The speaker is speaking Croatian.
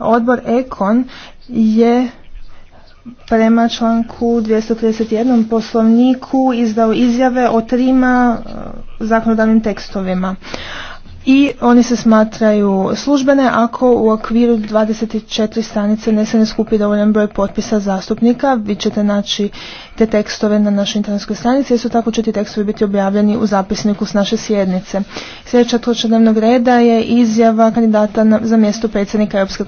Odbor Ekon je prema članku 231. poslovniku izdao izjave o trima e, zakonodavnim tekstovima i oni se smatraju službene ako u okviru 24 stranice ne se ne skupi dovoljan broj potpisa zastupnika. Vi ćete naći te tekstove na našoj internetskoj stranici i su tako će ti tekstovi biti objavljeni u zapisniku s naše sjednice. Sljedeća točka dnevnog reda je izjava kandidata za mjesto predsjednika Europske